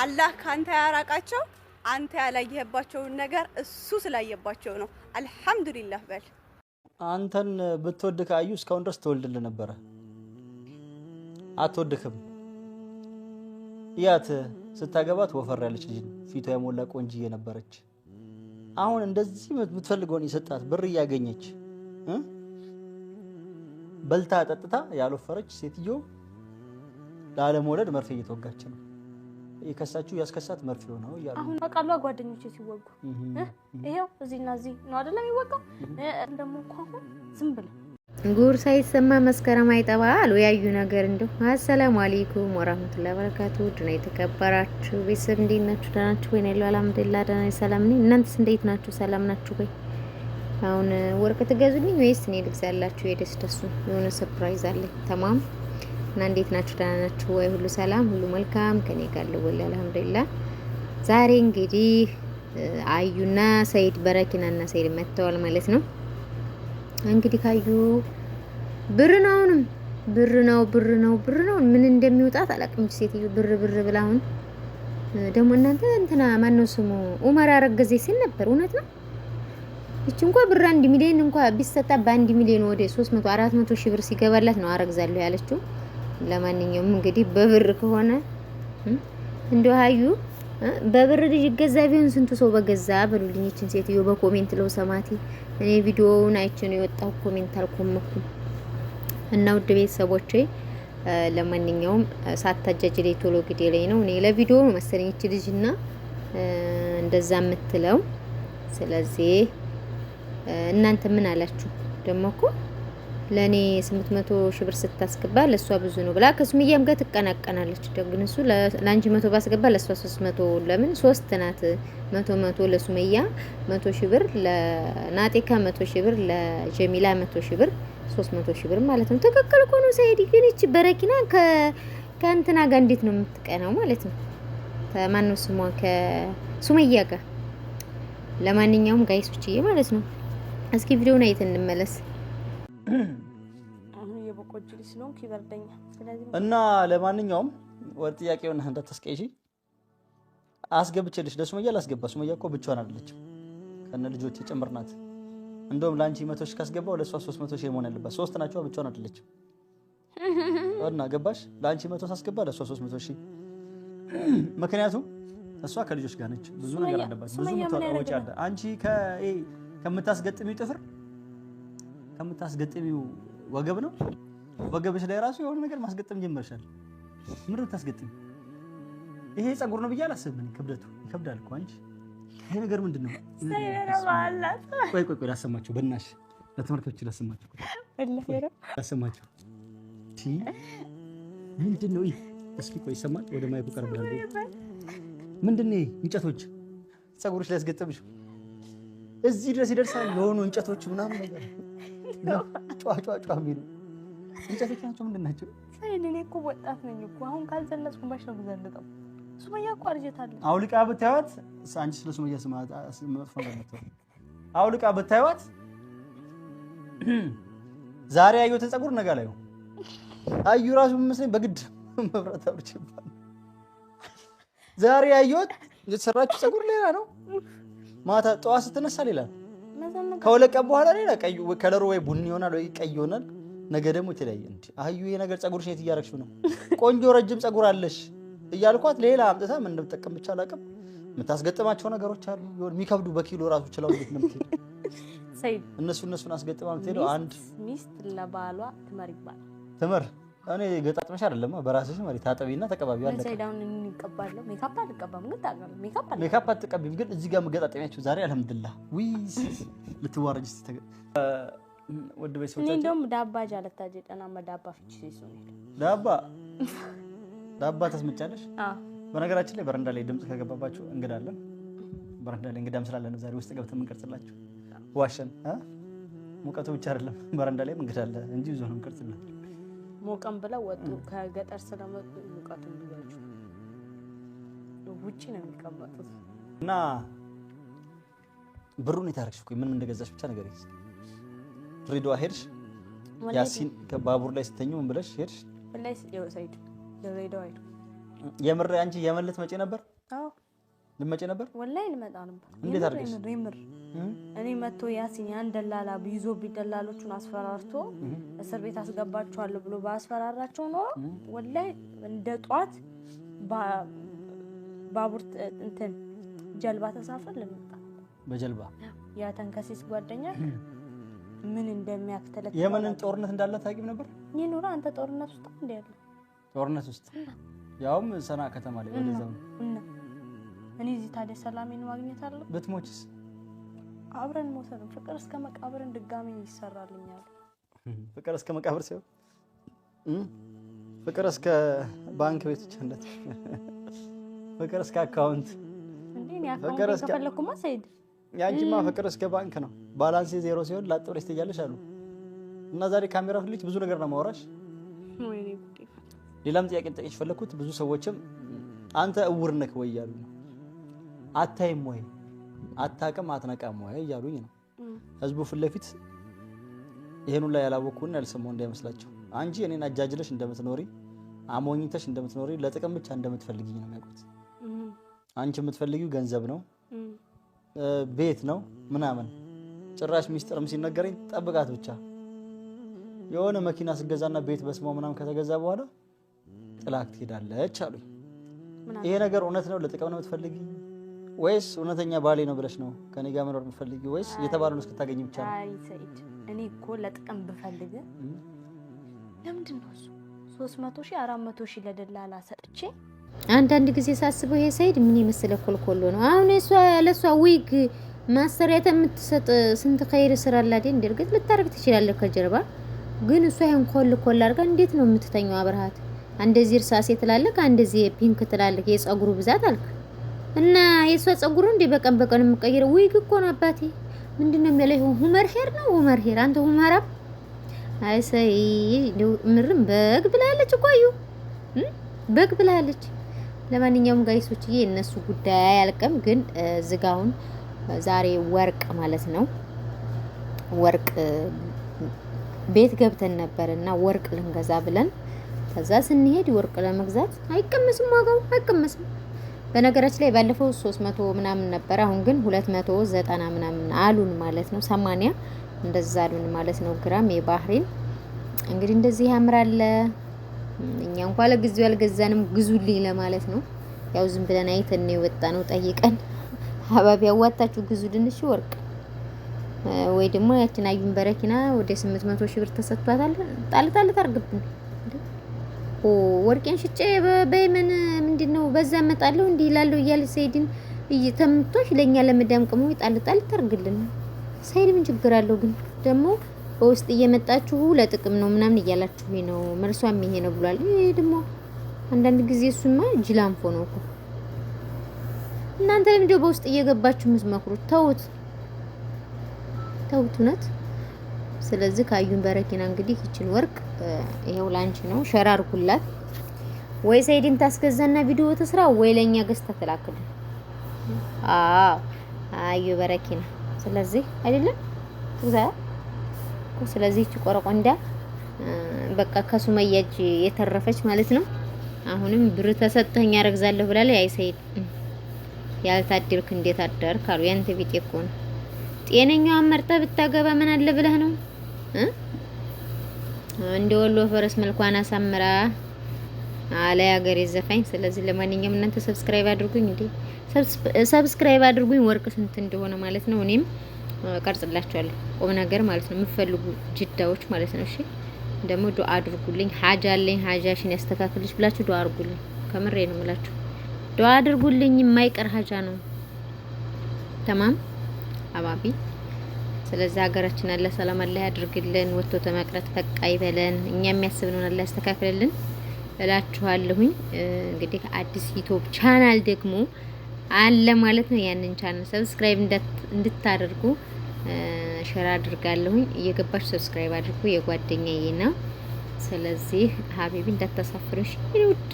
አላህ ካንተ ያራቃቸው አንተ ያላየህባቸውን ነገር እሱ ስላየባቸው ነው። አልሐምዱሊላህ በል። አንተን ብትወድ አዩ እስካሁን ድረስ ትወልድልህ ነበረ። አትወድክም። እያት ስታገባት ወፈር ያለች ልጅ ፊቷ የሞላ ቆንጅዬ ነበረች። አሁን እንደዚህ የምትፈልገውን የሰጣት ብር እያገኘች በልታ ጠጥታ ያልወፈረች ሴትዮ ላለመውለድ መርፌ እየተወጋች ነው። የከሳችሁ ያስከሳት መርፌው ነው እያሉ አሁን አውቃለሁ። ጓደኞቼ ሲወጉ ይሄው እዚህና እዚህ ነው አይደለም የሚወጋው። ደግሞ እኮ አሁን ዝም ብለው ጉር ሳይሰማ መስከረም አይጠባ አሉ ያዩ ነገር እንዲሁ። አሰላሙ አለይኩም ወራህመቱላሂ ወበረካቱ ድና የተከበራችሁ ቤተሰብ እንዴት ናችሁ? ደህና ናችሁ ወይ? ነው አልሐምዱሊላህ ደህና ነኝ፣ ሰላም ነኝ። እናንተስ እንዴት ናችሁ? ሰላም ናችሁ ወይ? አሁን ወርቅ ትገዙልኝ ወይስ እኔ ልግዛላችሁ? የደስ ደሱ የሆነ ሰርፕራይዝ አለኝ። ተማም እና እንዴት ናችሁ? ደህና ናችሁ ወይ? ሁሉ ሰላም፣ ሁሉ መልካም ከኔ ጋር ልወል አልሐምዱሊላህ። ዛሬ እንግዲህ አዩና ሰይድ በረኪናና ሰይድ መጥተዋል ማለት ነው። እንግዲህ ካዩ ብር ነው አሁንም ብር ነው ብር ነው ብር ነው። ምን እንደሚወጣት አላቅም ሴትዮ ብር ብር ብላ። አሁን ደግሞ እናንተ እንትና ማነው ስሙ ኡመር አረገዜ ሲል ነበር። እውነት ነው። እቺ እንኳ ብር አንድ ሚሊዮን እንኳ ቢሰጣ በአንድ ሚሊዮን ወደ 300 400 ሺህ ብር ሲገባላት ነው አረግዛለሁ ያለችው። ለማንኛውም እንግዲህ በብር ከሆነ እንደው ሀዩ በብር ልጅ ገዛ ቢሆን ስንቱ ሰው በገዛ በሉልኝ። እችን ሴትዮ በኮሜንት ለው ሰማቴ እኔ ቪዲዮውን አይቼ ነው የወጣው ኮሜንት አልኮመኩም። እና ውድ ቤተሰቦቼ ለማንኛውም ሳታጃጅ ላይ ቶሎ ግዴ ላይ ነው እኔ ለቪዲዮ ነው መሰለኝ እች ልጅና እንደዛ የምትለው ስለዚህ እናንተ ምን አላችሁ ደግሞ እኮ ለእኔ 800 ሺህ ብር ስታስገባ ለእሷ ብዙ ነው ብላ ከሱምያም ጋር ትቀናቀናለች። ግን እሱ ለአንቺ መቶ ባስገባ ለእሷ 300 ለምን ሶስት ናት። መቶ መቶ ለሱምያ መቶ ሺህ ብር ለናጤካ መቶ ሺህ ብር ለጀሚላ መቶ ሺህ ብር 300 ሺህ ብር ማለት ነው። ትክክል እኮ ነው ሰይድ። ግን እቺ በረኪና ከ ከእንትና ጋር እንዴት ነው የምትቀናው ማለት ነው? ከማነው ስሟ ከሱመያ ጋር። ለማንኛውም ጋይስ ብቻዬ ማለት ነው። እስኪ ቪዲዮውን አይተን እንመለስ። ጎጂ ልጅ ስለሆንኩ ይበርደኛል። እና ለማንኛውም ወደ ጥያቄውን እንዳትስቀይሺ አስገብቼልሽ ለሱመያ ላስገባ። ሱመያ እኮ ብቻዋን አይደለችም ከነ ልጆች ጭምር ናት። እንደውም ለአንቺ መቶ ሺህ ካስገባው ለእሷ ሶስት መቶ ሺህ መሆን ያለባት ሶስት ናቸው። ብቻዋን አይደለችም እና ገባሽ? ለአንቺ መቶ ሳስገባ ለእሷ ሶስት መቶ ሺህ ምክንያቱም እሷ ከልጆች ጋር ነች። ብዙ ነገር አለባት። ብዙ ወጪ አለ። አንቺ ከምታስገጥሚው ጥፍር ከምታስገጥሚው ወገብ ነው ወገብሽ ላይ ራሱ የሆነ ነገር ማስገጠም ጀመርሻል። ምን ታስገጥም? ይሄ ፀጉር ነው ብዬ አላሰብም። ክብደቱ ይከብዳል እኮ አንቺ። ይሄ ነገር ምንድን ነው? ቆይ ቆይ ቆይ ላሰማችሁ፣ በእናትሽ ለተመልካቾች ላሰማችሁ፣ ላሰማችሁ። ምንድን ነው ይሄ? እስኪ ቆይ ይሰማል። ወደ ማይኩ ቀርብ ላድርግ። ምንድን ነው እንጨቶች ፀጉርሽ ላይ ያስገጠምሽ እዚህ ድረስ ይደርሳል። የሆኑ እንጨቶች ምናምን ነገር ጫጫጫ የሚሉ እንጨቶች ናቸው። ምንድን ናቸው? ሰይድ እኔ እኮ ወጣት ነኝ እኮ አሁን ካልዘለጽኩ መች ነው የምዘልጠው? ሱመያ እኮ አርጀታለች። አውልቃ ብታይዋት አንቺ ስለ ሱመያ መጥፎ ነገር አውልቃ ብታይዋት ዛሬ ያየሁትን ፀጉር ነገ ላይ አዩ ራሱ መስለኝ በግድ መብራት አብርቼባለሁ። ዛሬ ያየሁት የተሰራችው ፀጉር ሌላ ነው። ማታ ጠዋት ስትነሳ ሌላ ነው። ከሁለት ቀን በኋላ ሌላ ቀዩ ከለሩ ወይ ቡኒ ይሆናል ወይ ቀይ ይሆናል። ነገ ደግሞ የተለያየ እንዲ አህዩ ይሄ ነገር ጸጉርሽ የት እያደረግሽው ነው? ቆንጆ ረጅም ጸጉር አለሽ እያልኳት ሌላ አምጥታ ምን እንደምጠቀም ብቻ አላውቅም። የምታስገጥማቸው ነገሮች አሉ የሚከብዱ በኪሎ ራሱ ችለው እንዴት ነው የምትሄደው? እነሱ እነሱን አስገጥማ የምትሄደው አንድ ሚስት ለባሏ ትመር ይባላል። ትመር እኔ ገጣጥመሽ አይደለም በራስሽ ማለት ታጠቢና ተቀባቢ አለ። ሜካፕ አትቀባም ግን እዚህ ጋር መገጣጠሚያቸው ዛሬ አልሐምዱሊላህ። ውይ ልትዋረጅ ውድ ቤተሰቦቻችን እንደውም ዳባ ጃለታ ጀጠናማ ዳባ ፍቺ ዳባ ዳባ ተስምጫለሽ። በነገራችን ላይ በረንዳ ላይ ድምፅ ከገባባችሁ እንግዳለን። በረንዳ ላይ እንግዳም ስላለን ዛሬ ውስጥ ገብተን የምንቀርጽላችሁ ዋሸን። ሙቀቱ ብቻ አይደለም በረንዳ ላይ እንግዳለ እንጂ ብዙ ነው የምንቀርጽላችሁ። ሞቀም ብለው ወጡ ከገጠር ስለመጡ ሙቀቱ ውጭ ነው የሚቀመጡት እና ብሩን የታረግሽ ምን እንደገዛሽ ብቻ ነገር ድሬዳዋ ሄድሽ፣ ያሲን ባቡር ላይ ስተኙ ምን ብለሽ ሄድሽ? የምር አንቺ የመን ልትመጪ ነበር? አዎ ልትመጪ ነበር። ወላሂ ልመጣ ነበር። እንዴት አድርገሽ? የምር እኔ መጥቶ ያሲን ያን ደላላ ቢይዞ ደላሎቹን አስፈራርቶ እስር ቤት አስገባችኋለሁ ብሎ ባስፈራራቸው ኖሮ ወላሂ እንደ ጧት ባቡር እንትን ጀልባ ተሳፈር ልመጣ በጀልባ ያ ተንከሲስ ጓደኛ ምን እንደሚያክተለ የመንን ጦርነት እንዳለ ታውቂም ነበር? ኑሮ አንተ ጦርነት ውስጥ እንደ ያለ ጦርነት ውስጥ ያውም ሰና ከተማ ላይ ወደዛ ነው። እኔ እዚህ ታዲያ ሰላሜን ማግኘት አለ። ብትሞችስ? አብረን ሞተን ፍቅር እስከ መቃብርን ድጋሚ ይሰራልኛል። ፍቅር እስከ መቃብር ሲሆን ፍቅር እስከ ባንክ ቤት ቸነት፣ ፍቅር እስከ አካውንት፣ እንዴ? ያካውንት ከፈለኩማ ሰይድ የአንቺማ ፍቅር እስከ ባንክ ነው። ባላንሴ ዜሮ ሲሆን ላጥ ብለሽ ትያለሽ አሉ እና ዛሬ ካሜራ ፊት ብዙ ነገር ነው ማውራሽ። ሌላም ጥያቄ ጠቅሽ ፈለኩት። ብዙ ሰዎችም አንተ እውር ነክ ወይ እያሉ ነው። አታይም ወይ አታቅም አትነቃም ወይ እያሉኝ ነው። ህዝቡ ፊት ለፊት ይሄን ሁላ ያላወቅኩና ያልሰማው እንዳይመስላቸው አንቺ እኔን አጃጅለሽ እንደምትኖሪ አሞኝተሽ እንደምትኖሪ ለጥቅም ብቻ እንደምትፈልጊኝ ነው የሚያውቁት። አንቺ የምትፈልጊው ገንዘብ ነው ቤት ነው ምናምን ጭራሽ ሚስጥርም ሲነገረኝ ጠብቃት ብቻ የሆነ መኪና ስገዛና ቤት በስሟ ምናምን ከተገዛ በኋላ ጥላክ ትሄዳለች አሉኝ። ይሄ ነገር እውነት ነው? ለጥቅም ነው የምትፈልጊ ወይስ እውነተኛ ባሌ ነው ብለሽ ነው ከኔ ጋር መኖር የምትፈልጊ ወይስ የተባለውን እስክታገኝ ብቻ ነው? አይ ሰይድ፣ እኔ እኮ ለጥቅም ብፈልግ ለምንድን ነው እሱ ሦስት መቶ ሺህ አራት መቶ ሺህ ለደላላ ሰጥቼ አንዳንድ ጊዜ ሳስበው ይሄ ሰይድ ምን የመሰለ ኮልኮሎ ነው። አሁን እሷ ለሷ ዊግ ማሰሪያ የምትሰጥ ስንት ከይር ስራ አላዴ እንደርግጥ ልታረግ ትችላለህ ከጀርባ ግን እሷ ይሄን ኮል ኮል አድርጋ እንዴት ነው የምትተኛው? አብርሃት አንደዚህ እርሳሴ ትላለህ፣ አንደዚህ ፒንክ ትላለህ። የጸጉሩ ብዛት አልክ እና የእሷ ጸጉሩ እንዴ በቀን በቀን የምቀይረው ዊግ እኮ ነው አባቴ። ምንድነው የሚለው? ሁመር ሄር ነው ሁመር ሄር። አንተ ሁመራ አይሰይ ምርም በግ ብላለች። አዩ በግ ብላለች። ለማንኛውም ጋይሶችዬ እነሱ ጉዳይ አያልቅም፣ ግን ዝጋውን ዛሬ ወርቅ ማለት ነው ወርቅ ቤት ገብተን ነበር እና ወርቅ ልንገዛ ብለን ከዛ ስንሄድ ወርቅ ለመግዛት አይቀመስም፣ ዋጋው አይቀመስም። በነገራችን ላይ ባለፈው 300 ምናምን ነበር፣ አሁን ግን 290 ምናምን አሉን ማለት ነው። 80 እንደዛ አሉን ማለት ነው ግራም የባህሪን እንግዲህ እንደዚህ ያምራል። እኛ እንኳ ለጊዜው ያልገዛንም ግዙልኝ ለማለት ነው። ያው ዝም ብለን አይተን ነው የወጣ ነው ጠይቀን ሀባብ ያዋጣችሁ ግዙ ድንሽ ወርቅ ወይ ደግሞ ያችን አዩን በረኪና ወደ 800 ሺህ ብር ተሰጥቷታል። ጣል ጣል ታርግብን ኦ ወርቄን ሽጬ በየመን ምንድነው በዛ መጣለሁ እንዲህ ይላሉ እያለ ሰይድን እየተምቶሽ ለኛ ለመዳም ቅሞ ጣል ጣል ታርግልን። ሰይድ ምን ችግር አለው ግን ደግሞ በውስጥ እየመጣችሁ ለጥቅም ነው ምናምን እያላችሁ ነው መልሷም ይሄ ነው ብሏል። ይሄ ደግሞ አንዳንድ ጊዜ እሱማ ጅላንፎ ነው እኮ እናንተ ለምንድነው በውስጥ እየገባችሁ የምትመክሩት? ተውት ተውት፣ እውነት። ስለዚህ ካዩን በረኪና እንግዲህ ይችን ወርቅ ይሄው ላንቺ ነው ሸራርኩላት። ወይ ሰይድን ታስገዛና ቪዲዮ ተስራ ወይ ለኛ ገዝታ ተላክል። አዎ አዩ በረኪና ስለዚህ አይደለም ስለዚህ እቺ ቆረቆንዳ በቃ ከሱመያ እጅ የተረፈች ማለት ነው። አሁንም ብር ተሰጥተኝ ያረግዛለሁ ብላለች። አይ ሰይድ ያልታደልክ እንዴት አደርክ አሉ። ያንተ ቢጤ እኮ ነው። ጤነኛው አመርጣ ብታገባ ምን አለ ብለህ ነው እንደ ወሎ ፈረስ መልኳን አሳምራ አለ ሀገሬ ዘፋኝ። ስለዚህ ለማንኛውም እናንተ ሰብስክራይብ አድርጉኝ፣ እንዴ ሰብስክራይብ አድርጉኝ። ወርቅ ስንት እንደሆነ ማለት ነው እኔም ቀርጽላችኋለሁ። ቁም ነገር ማለት ነው የምትፈልጉ ጅዳዎች ማለት ነው። እሺ ደግሞ ዱአ አድርጉልኝ። ሀጃ አለኝ ሀጃሽን ያስተካክልሽ ብላችሁ ዱአ አድርጉልኝ። ከምሬ ነው የምላችሁ። ዱአ አድርጉልኝ። የማይቀር ሀጃ ነው። ተማም አባቢ ስለዚህ ሀገራችን አለ ሰላም አለ ያድርግልን። ወጥቶ ተመቅረት በቃ ይበለን። እኛ የሚያስብነውን አለ ያስተካክልልን እላችኋለሁኝ። እንግዲህ አዲስ ዩቲዩብ ቻናል ደግሞ አለ ማለት ነው። ያንን ቻናል ሰብስክራይብ እንድታደርጉ ሸር አድርጋለሁኝ። እየገባች ሰብስክራይብ አድርጉ። የጓደኛዬ ነው። ስለዚህ ሀቢቢ እንዳታሳፍሩሽ ውድ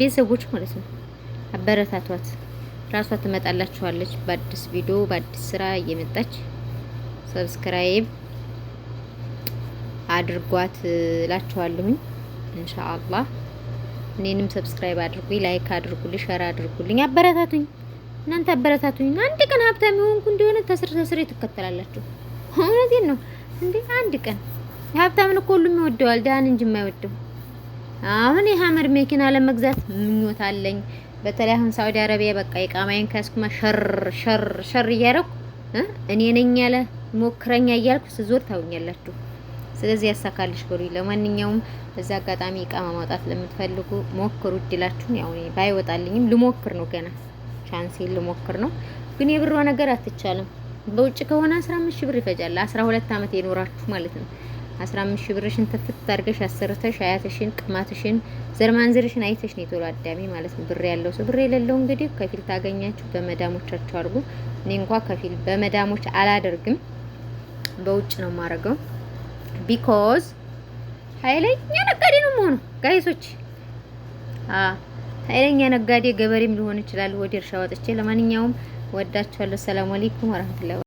ቤተሰቦች ማለት ነው። አበረታቷት። ራሷ ትመጣላችኋለች በአዲስ ቪዲዮ በአዲስ ስራ እየመጣች ሰብስክራይብ አድርጓት እላችኋለሁኝ። ኢንሻአላህ እኔንም ሰብስክራይብ አድርጉኝ፣ ላይክ አድርጉልኝ፣ ሸር አድርጉልኝ፣ አበረታቱኝ። እናንተ አበረታቱኝ። አንድ ቀን ሀብታም የሆንኩ እንደሆነ ተስር ተስሬ ትከተላላችሁ። እውነቴን ነው እንዴ! አንድ ቀን ሀብታምን እኮ ሁሉም ይወደዋል፣ ድሃን እንጂ የማይወደው። አሁን የሀመር መኪና ለመግዛት ምኞት አለኝ። በተለይ አሁን ሳውዲ አረቢያ በቃ የቃማይን ካስኩማ ሸር ሸር ሸር እያደረኩ እኔ ነኝ ያለ ሞክረኛ እያልኩ ስዞር ታውኛላችሁ። ስለዚህ ያሳካልሽ ጎሪ። ለማንኛውም በዛ አጋጣሚ እቃማ ማውጣት ለምትፈልጉ ሞክሩ፣ እድላችሁን። ያው ባይወጣልኝም ልሞክር ነው ገና ቻንሴን ልሞክር ነው። ግን የብሯ ነገር አትቻልም። በውጭ ከሆነ 15 ሺህ ብር ይፈጃል። 12 አመት የኖራችሁ ማለት ነው። 15 ሺህ ብርሽን ተፍት አድርገሽ አሰርተሽ አያትሽን፣ ቅማትሽን፣ ዘርማንዝርሽን አይተሽ ነው የቶሎ አዳሚ ማለት ነው። ብር ያለው ሰው ብር የሌለው እንግዲህ ከፊል ታገኛችሁ። በመዳሞቻችሁ አድርጉ። እኔ እንኳ ከፊል በመዳሞች አላደርግም፣ በውጭ ነው የማረገው። ቢኮዝ ኃይለኛ ነጋዴ ነው መሆኑ ጋይሶች ኃይለኛ ነጋዴ ገበሬም ሊሆን ይችላል። ወደ እርሻ ወጥቼ ለማንኛውም ወዳችኋለሁ። ሰላም አለይኩም ወራህመቱላሂ